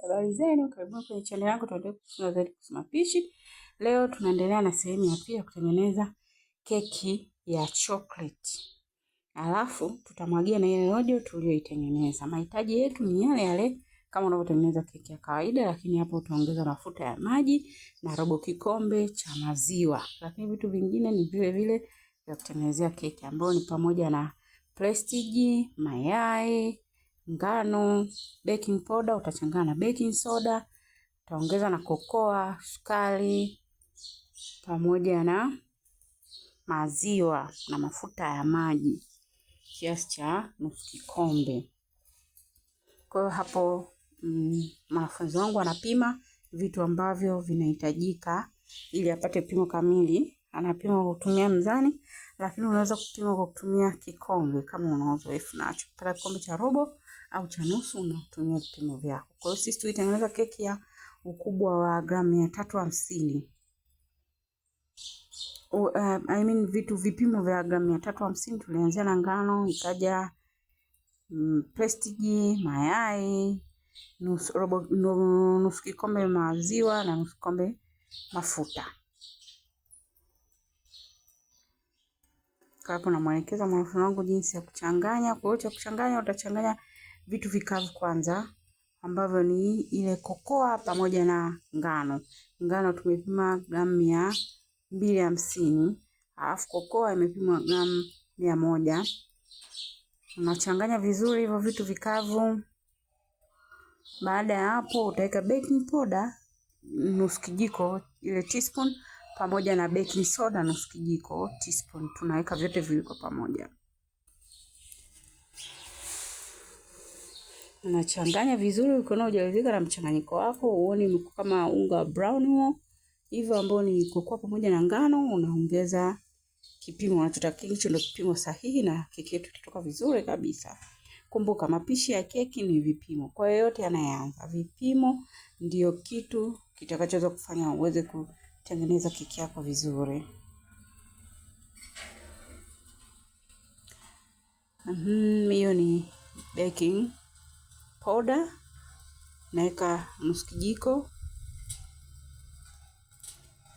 Habari zenu, karibuni kwenye channel yangu, tuendelee kusoma zaidi kuhusu mapishi. Leo tunaendelea na sehemu ya pili ya kutengeneza keki ya chocolate. Alafu tutamwagia na ile rojo tuliyoitengeneza. Mahitaji yetu ni yale yale kama unavyotengeneza keki ya kawaida, lakini hapo utaongeza mafuta ya maji na robo kikombe cha maziwa. Lakini vitu vingine ni vile vile vya kutengenezea keki ambayo ni pamoja na prestige, mayai, ngano, baking powder utachanganya na baking soda, utaongeza na kokoa, sukari pamoja na maziwa na mafuta ya maji kiasi cha nusu kikombe. Kwa hiyo hapo mm, wangu anapima vitu ambavyo vinahitajika ili apate pimo kamili. Anapima kwa kutumia mzani, lakini unaweza kupima kwa kutumia kikombe kama una uzoefu nacho. Kikombe cha robo au cha nusu unatumia vipimo vyako. Kwa hiyo sisi tulitengeneza keki ya ukubwa wa gramu mia tatu hamsini. Uh, I mean vitu vipimo vya gramu mia tatu hamsini tulianzia na ngano, ikaja mm, prestige, mayai nusu, robo, nusu kikombe maziwa na nusu kikombe mafuta. Hapo namwelekeza mwanafunzi wangu jinsi ya kuchanganya. Kwa hiyo cha kuchanganya utachanganya vitu vikavu kwanza ambavyo ni ile kokoa pamoja na ngano. Ngano tumepima gramu mia mbili hamsini alafu kokoa imepimwa gramu mia moja. Unachanganya vizuri hivyo vitu vikavu. Baada ya hapo, utaweka baking powder nusu kijiko, ile teaspoon, pamoja na baking soda nusu kijiko teaspoon. Tunaweka vyote kwa pamoja. unachanganya vizuri ukiona hujaridhika na mchanganyiko wako, uone kama unga brown huo hivyo, ambao ni kokoa pamoja na ngano, unaongeza kipimo unachotaka. Hicho ndio kipimo sahihi, na keki yetu itatoka vizuri kabisa. Kumbuka, mapishi ya keki ni vipimo. Kwa yoyote anayeanza, vipimo ndio kitu kitakachoweza kufanya uweze kutengeneza keki yako vizuri. Mhm, hiyo mm -hmm, ni baking powder naweka nusu kijiko,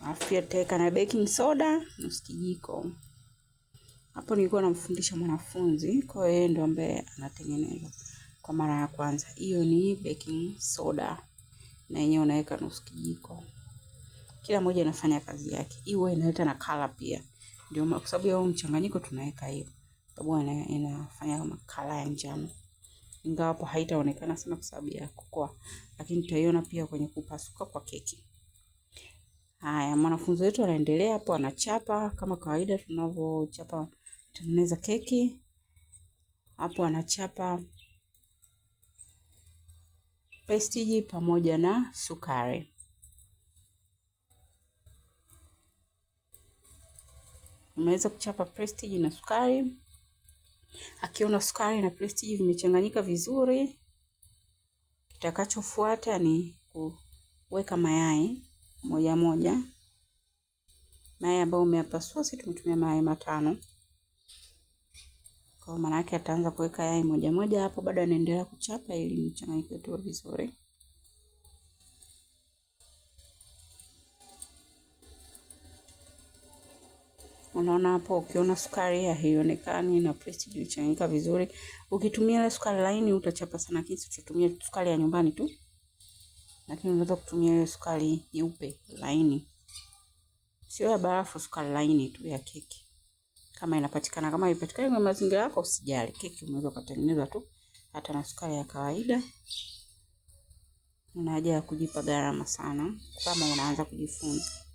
alafu pia na baking soda nusu kijiko. Hapo nilikuwa namfundisha mwanafunzi, kwa hiyo ndo ambaye anatengeneza kwa mara ya kwanza. Hiyo ni baking soda, na yenyewe unaweka nusu kijiko. Kila moja inafanya kazi yake, iwe inaleta na kala pia, ndio kwa sababu ya mchanganyiko tunaweka hiyo, sababu inafanya kama kala ya njano ingawapo haitaonekana sana kwa sababu ya kukoa, lakini tutaiona pia kwenye kupasuka kwa keki. Haya, mwanafunzi wetu anaendelea hapo, anachapa kama kawaida tunavyochapa tengeneza keki. Hapo anachapa pestiji pamoja na sukari. Umeweza kuchapa prestige na sukari Akiona sukari na prestige vimechanganyika vizuri, kitakachofuata ni kuweka mayai moja moja. Mayai ambayo umeyapasua, sisi tumetumia mayai matano, kwa maana yake ataanza kuweka yai moja moja hapo, bado anaendelea kuchapa ili mchanganyiko wetu vizuri. Unaona hapo, ukiona sukari haionekani na paste iliyochanganyika vizuri. Ukitumia ile sukari laini utachapa sana kisi tutumie sukari ya nyumbani tu, lakini unaweza kutumia ile sukari nyeupe laini, sio ya barafu, sukari laini tu ya keki kama inapatikana. Kama haipatikani kwa mazingira yako, usijali, keki unaweza kutengeneza tu hata na sukari ya kawaida. Una haja ya kujipa gharama sana kama unaanza kujifunza.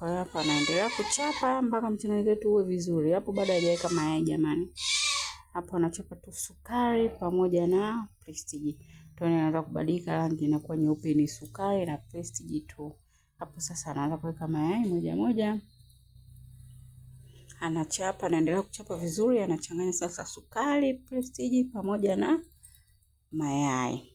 Kwa hiyo hapa anaendelea kuchapa mpaka mchanganyiko wetu uwe vizuri. Hapo bado hajaweka mayai jamani. Hapo anachapa tu sukari pamoja na Prestige. Tone anaanza kubadilika rangi inakuwa nyeupe ni sukari na Prestige tu. Hapo sasa anaanza kuweka mayai moja moja. Anachapa, anaendelea kuchapa vizuri, anachanganya sasa sukari, Prestige pamoja na mayai.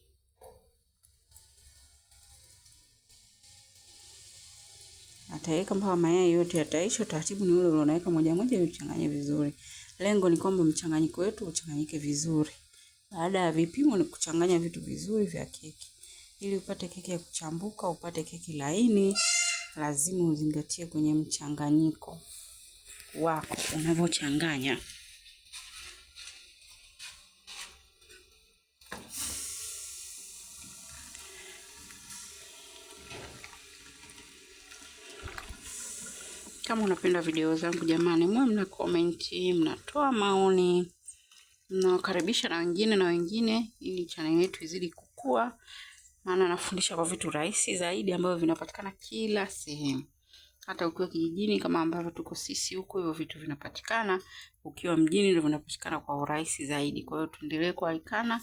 ataweka mpaka mayai yote yataisha. Utaratibu ni ule ule, unaweka moja moja uchanganye vizuri. Lengo ni kwamba mchanganyiko wetu uchanganyike vizuri. Baada ya vipimo, ni kuchanganya vitu vizuri vya keki, ili upate keki ya kuchambuka, upate keki laini. Lazima uzingatie kwenye mchanganyiko wako unavyochanganya. Kama unapenda video zangu jamani, mwe mna komenti, mnatoa maoni, mnawakaribisha na wengine na wengine, ili chaneli yetu izidi kukua, maana nafundisha kwa vitu rahisi zaidi ambavyo vinapatikana kila sehemu hata ukiwa kijijini kama ambavyo tuko sisi huko, hivyo vitu vinapatikana. Ukiwa mjini ndio vinapatikana kwa urahisi zaidi. Kwa hiyo tuendelee kuaikana,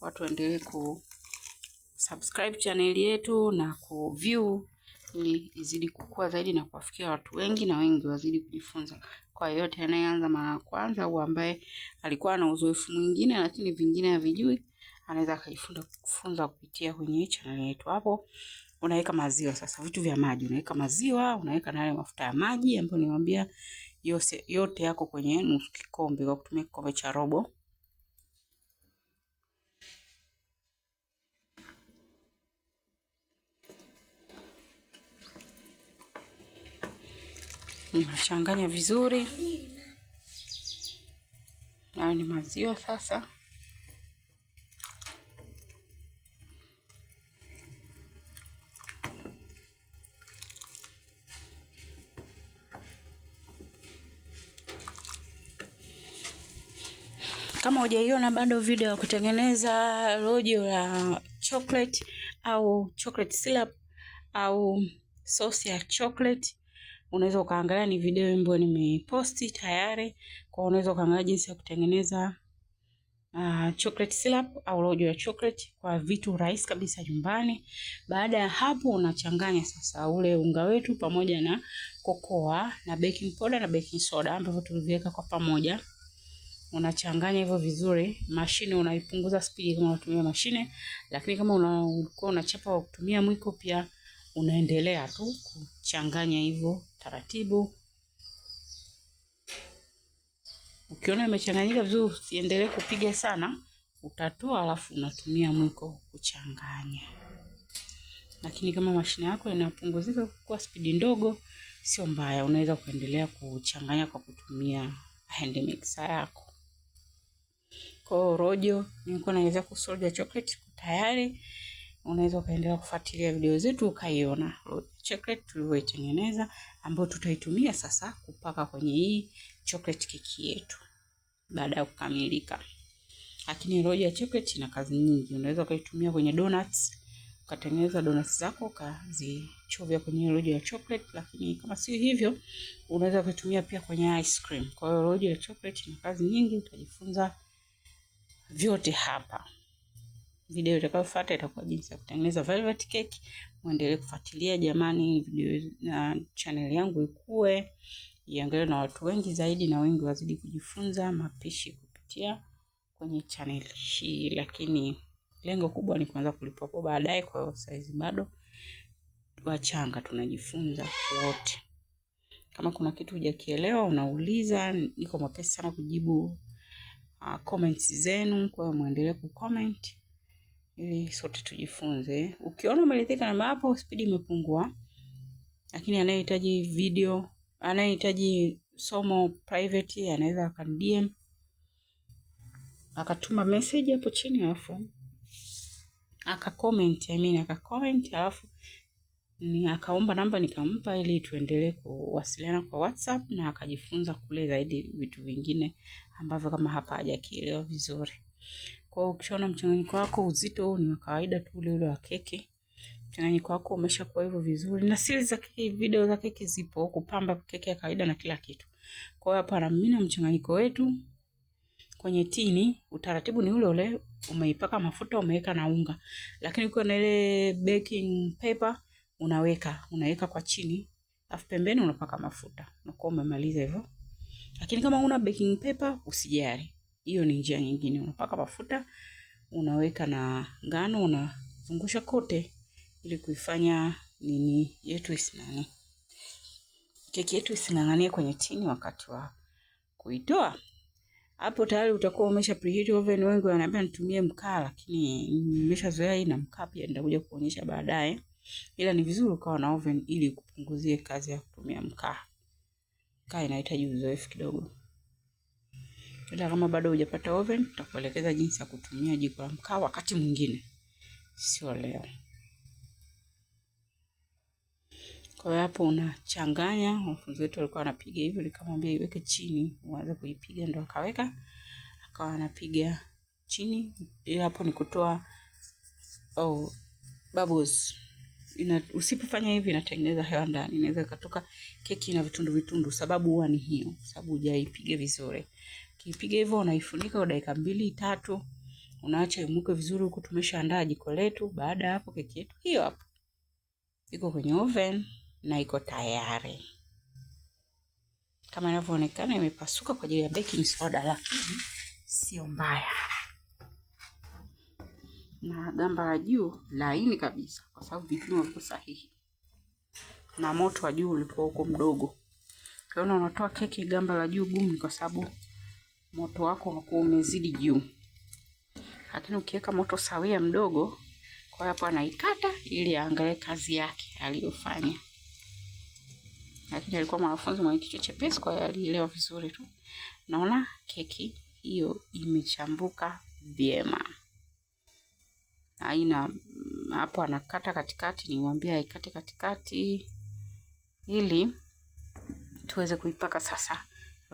watu waendelee ku subscribe channel yetu na ku view ili izidi kukua zaidi na kuwafikia watu wengi na wengi wazidi kujifunza. Kwa yote anayeanza mara ya kwanza au ambaye alikuwa na uzoefu mwingine lakini vingine havijui, anaweza akajifunza kupitia kwenye chaneli yetu. Hapo unaweka maziwa sasa, vitu vya maji unaweka maziwa, unaweka na yale mafuta ya maji ambayo niwaambia yote yako kwenye nusu kikombe, kwa kutumia kikombe cha robo nimechanganya vizuri. na ni maziwa sasa. Kama hujaiona bado video ya kutengeneza rojo la chocolate au chocolate syrup au sosi ya chocolate unaweza ukaangalia, ni video ambayo nimeposti tayari, kwa unaweza ukaangalia jinsi ya kutengeneza Uh, chocolate syrup au rojo ya chocolate kwa vitu rahisi kabisa nyumbani. Baada ya hapo, unachanganya sasa ule unga wetu pamoja na kokoa na baking powder na baking soda ambavyo tuliviweka kwa pamoja. Unachanganya hivyo vizuri. Mashine unaipunguza spidi kama unatumia mashine, lakini kama unakuwa unachapa kwa kutumia mwiko, pia unaendelea tu kuchanganya hivyo taratibu. Ukiona imechanganyika vizuri, usiendelee kupiga sana, utatoa alafu unatumia mwiko kuchanganya. Lakini kama mashine yako inapunguzika kwa spidi ndogo, sio mbaya, unaweza kuendelea kuchanganya kwa kutumia hand mixer yako. Kwa rojo nilikuwa naweza kusolja chocolate tayari unaweza ukaendelea kufuatilia video zetu ukaiona chocolate tulivyoitengeneza, ambayo tutaitumia sasa kupaka kwenye hii chocolate keki yetu baada ya kukamilika. Lakini rojo ya chocolate ina kazi nyingi, unaweza ukaitumia kwenye donuts ukatengeneza donuts zako ukazichovya kwenye rojo ya chocolate, lakini kama sio hivyo, unaweza kuitumia pia kwenye ice cream. Kwa hiyo rojo ya chocolate ina kazi nyingi, utajifunza vyote hapa video itakayofuata itakuwa jinsi ya kutengeneza velvet cake. Muendelee kufuatilia jamani, video na channel yangu ikue, iangaliwe na watu wengi zaidi, na wengi wazidi kujifunza mapishi kupitia kwenye channel hii, lakini lengo kubwa ni kuanza kulipwa kwa baadaye. Kwa hiyo saizi bado wachanga, tunajifunza wote. Kama kuna kitu hujakielewa unauliza, niko mapesa sana kujibu uh, comments zenu. Kwa hiyo muendelee kucomment ili sote tujifunze. Ukiona umeridhika na mapo, spidi imepungua, lakini anayehitaji video, anayehitaji somo private anaweza DM akatuma message hapo chini, alafu akacomment, I mean akacomment, alafu ni akaomba namba nikampa, ili tuendelee kuwasiliana kwa WhatsApp na akajifunza kule zaidi vitu vingine ambavyo kama hapa hajakielewa vizuri. Kwa hiyo ukishaona mchanganyiko wako uzito huu ni wa kawaida tu ule ule wa keki, mchanganyiko wako umeshakuwa hivyo vizuri, na siri za keki, video za keki zipo, kupamba keki ya kawaida na kila kitu. Kwa hiyo hapa namimina mchanganyiko wetu kwenye tini, utaratibu ni ule ule, umeipaka mafuta, umeweka na unga, lakini ukiwa na ile baking paper unaweka unaweka kwa chini, alafu pembeni unapaka mafuta, unakuwa umemaliza hivyo. Lakini kama una baking paper usijali, hiyo ni njia nyingine, unapaka mafuta, unaweka na ngano, unazungusha kote ili kuifanya nini yetu isinani, keki yetu isinang'anie kwenye tini wakati wa kuitoa. Hapo tayari utakuwa umesha preheat oven. Wengi wananiambia nitumie mkaa, lakini nimeshazoea hii na mkaa pia, nitakuja kuonyesha baadaye, ila ni vizuri ukawa na oven ili kupunguzie kazi ya kutumia mkaa. Mkaa inahitaji uzoefu kidogo. Ila kama bado hujapata oven, tutakuelekeza jinsi ya kutumia jiko la mkaa wakati mwingine, sio leo. Kwa hiyo hapo unachanganya. Wanafunzi wetu walikuwa wanapiga hivyo, nikamwambia iweke chini, uanze kuipiga, ndo akaweka akawa anapiga chini. Ila hapo ni kutoa oh, bubbles ina, usipofanya hivi inatengeneza hewa ndani, inaweza ikatoka keki na vitundu vitundu. Sababu huwa ni hiyo, sababu hujaipiga vizuri. Kipiga hivyo unaifunika kwa dakika mbili tatu, unaacha imuke vizuri huku tumeshaandaa jiko letu. Baada ya hapo keki yetu hiyo hapo iko kwenye oven na iko tayari kama inavyoonekana, imepasuka kwa ajili ya baking soda, lakini sio mbaya, na gamba la juu laini kabisa, kwa sababu vipimo viko sahihi na moto wa juu ulikuwa huko mdogo. Kwa hiyo unatoa keki gamba la juu gumu, kwa sababu moto wako unakuwa umezidi juu, lakini ukiweka moto sawia mdogo. Kwa hapo anaikata ili aangalie kazi yake aliyofanya, lakini alikuwa mwanafunzi mwenye kichwa chepesi, kwa hiyo alielewa vizuri tu. Naona keki hiyo imechambuka vyema aina hapo anakata katikati, nimwambia aikate katikati ili tuweze kuipaka sasa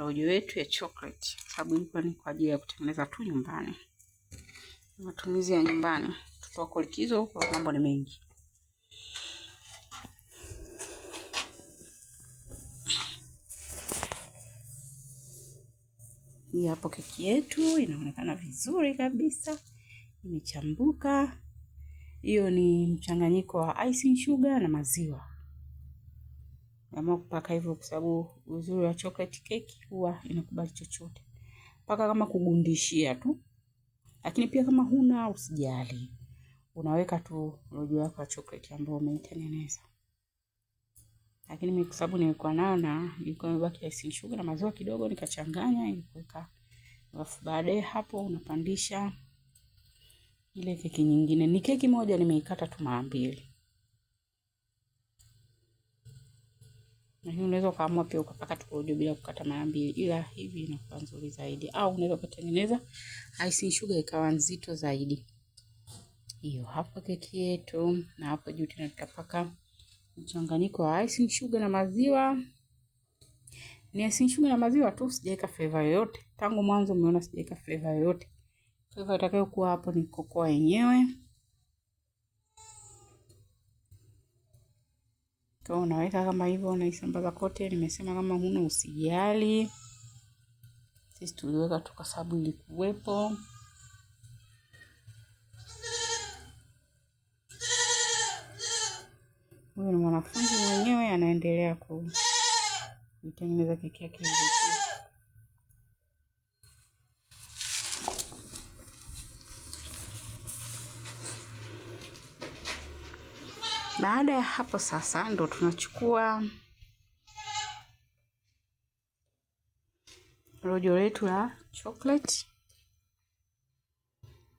rojo wetu ya chocolate, sababu ilikuwa ni kwa ajili ya kutengeneza tu nyumbani, matumizi ya nyumbani. Mtoto wako likizo, kwa mambo ni mengi. Hii hapo keki yetu inaonekana vizuri kabisa, imechambuka. Hiyo ni mchanganyiko wa icing sugar na maziwa. Naamua kupaka hivyo kwa sababu uzuri wa chocolate cake huwa inakubali chochote. Paka kama kugundishia tu. Lakini pia kama huna usijali. Unaweka tu rojo yako ya chocolate ambayo umeitengeneza. Lakini mimi kwa sababu nilikuwa nayo na ilikuwa imebaki icing sugar na maziwa kidogo nikachanganya ili kuweka. Alafu baadaye hapo unapandisha ile keki nyingine. Ni keki moja nimeikata tu mara mbili. Lakini unaweza ukaamua pia ukapaka tu korojoo bila kukata mara mbili, ila hivi inakuwa nzuri zaidi, au unaweza ukatengeneza icing sugar ikawa nzito zaidi. Hiyo hapo keki yetu, na hapo juu tena tutapaka mchanganyiko wa icing sugar na maziwa. Ni icing sugar na maziwa tu, sijaweka flavor yoyote. Tangu mwanzo umeona sijaweka flavor yoyote. Flavor itakayokuwa hapo ni kokoa yenyewe. So unaweka kama hivyo, unaisambaza kote. Nimesema kama huna usijali, sisi tuliweka tu kwa sababu ilikuwepo. Huyu ni mwanafunzi mwenyewe anaendelea kuitengeneza keki yake. Baada ya hapo sasa ndo tunachukua rojo letu la chocolate.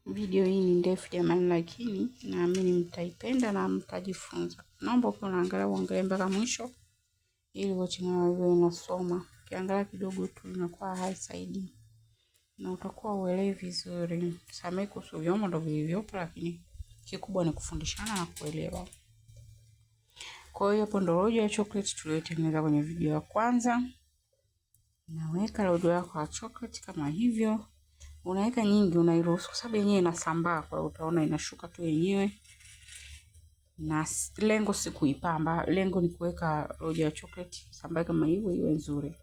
Video hii ni ndefu jamani, lakini naamini mtaipenda na mtajifunza. Naomba ukiwa unaangalia uangalie mpaka mwisho, ili wote nawawe Ukiangalia kidogo tu inakuwa haisaidii na utakuwa uelewi vizuri. Samee kuhusu vyombo ndo vilivyopo, lakini kikubwa ni kufundishana na kuelewa. Kwa hiyo hapo ndo rojo ya chocolate tuliyotengeneza kwenye video ya kwanza. Unaweka rojo yako ya chocolate kama hivyo. Unaweka nyingi, unairuhusu kwa sababu yenyewe inasambaa, kwa hiyo utaona inashuka tu yenyewe. Na lengo si kuipamba, lengo ni kuweka rojo ya chocolate sambaye kama hivyo iwe nzuri.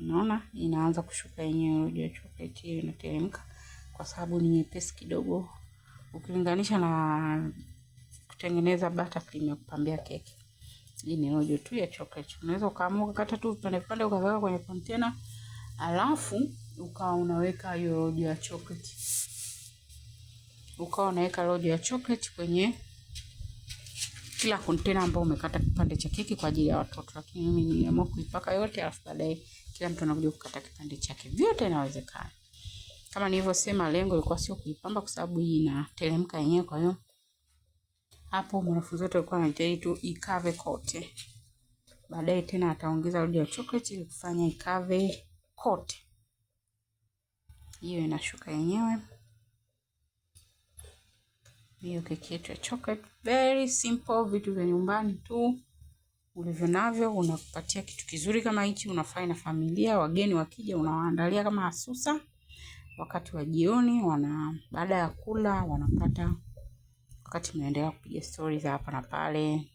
Unaona inaanza kushuka yenyewe rojo ya chocolate hiyo inateremka, kwa sababu ni nyepesi kidogo ukilinganisha na kutengeneza buttercream ya kupambia keki. Hii ni rojo tu ya chocolate. Unaweza ukaamua ukakata tu vipande vipande ukaweka kwenye container, alafu ukawa unaweka hiyo rojo ya chocolate. Ukawa unaweka rojo ya chocolate kwenye kila container ambayo umekata kipande cha keki kwa ajili ya watoto, lakini mimi niliamua kuipaka yote, alafu baadaye kila mtu anakuja kukata kipande chake. Vyote inawezekana. Kama nilivyosema, lengo lilikuwa sio kuipamba, kwa sababu hii inateremka yenyewe, kwa hiyo hapo mwanafunzi wote alikuwa anahitaji tu ikave kote, baadaye tena ataongeza rojo ya chocolate ili kufanya ikave kote. Hiyo inashuka yenyewe. Hiyo keki yetu ya chocolate, very simple, vitu vya nyumbani tu ulivyo navyo unakupatia kitu kizuri kama hichi, unafanya na familia. Wageni wakija, unawaandalia kama hasusa, wakati wa jioni wana baada ya kula wanapata wakati mnaendelea kupiga stories hapa na pale,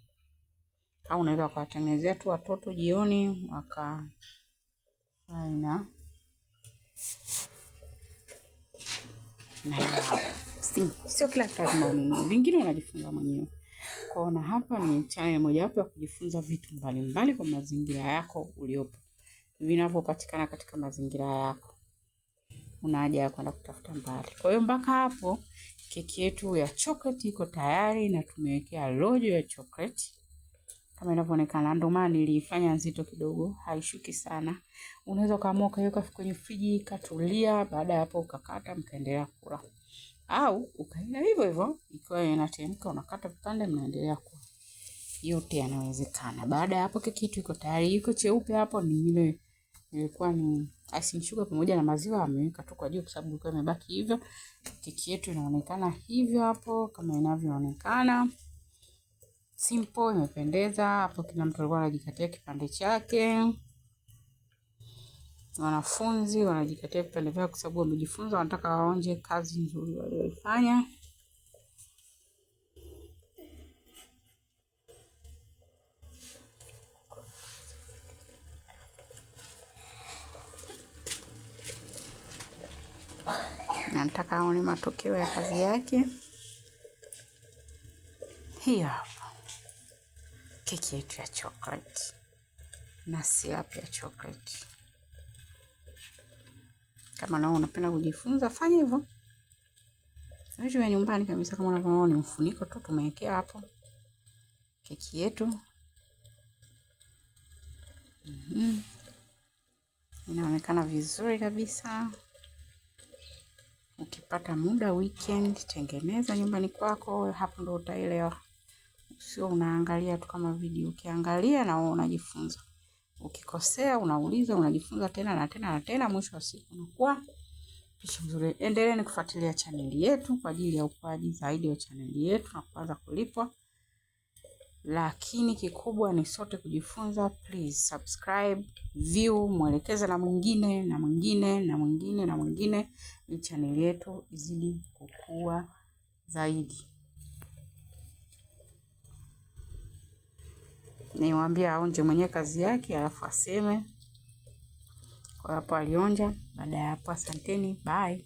au unaweza kuwatengenezea tu watoto jioni waka aina na sio kila kitu lazima ununue, vingine unajifunza mwenyewe. Kwaona hapa ni channel mojawapo ya kujifunza vitu mbalimbali kwa mazingira yako uliopo, vinavyopatikana katika mazingira yako, una haja ya kwenda kutafuta mbali. Kwa hiyo mpaka hapo Keki yetu ya chocolate iko tayari na tumewekea rojo ya chocolate kama inavyoonekana, ndio maana nilifanya nzito kidogo, haishuki sana. Unaweza kaamua kaweka kwenye friji ikatulia, baada ya hapo ukakata mkaendelea kula, au ukaenda hivyo hivyo ikiwa inatemka, unakata vipande mnaendelea kula. Yote yanawezekana. Baada ya hapo, keki yetu iko tayari, iko cheupe hapo, ni ile ilikuwa ni icing sugar pamoja na maziwa ameweka tu kwa juu, kwa sababu ilikuwa imebaki hivyo. Keki yetu inaonekana hivyo hapo kama inavyoonekana, simple, imependeza hapo. Kila mtu alikuwa anajikatia kipande chake, wanafunzi wanajikatia vipande vyao, kwa sababu wamejifunza, wanataka waonje kazi nzuri walioifanya. anataka aone matokeo ya kazi yake. Hiyo hapa keki yetu ya chocolate na syrup ya chocolate. Kama nao unapenda kujifunza, fanya hivyo vitu vya nyumbani kabisa. Kama unavyoona, ni mfuniko tu tumewekea hapo keki yetu. Mm -hmm. Inaonekana vizuri kabisa. Ukipata muda weekend, tengeneza nyumbani kwako, hapo ndo utaelewa. Sio unaangalia tu kama video, ukiangalia na wewe unajifunza. Ukikosea unauliza, unajifunza tena na tena na tena, mwisho wa siku unakuwa pishi mzuri. Endeleeni kufuatilia chaneli yetu kwa ajili ya ukuaji zaidi wa chaneli yetu na kuanza kulipwa lakini kikubwa ni sote kujifunza. Please subscribe, view, mwelekeze na mwingine na mwingine na mwingine na mwingine, ili chaneli yetu izidi kukua zaidi. Niwaambia aonje mwenyewe kazi yake, alafu aseme kwa hapo alionja. Baada ya hapo, asanteni, bye.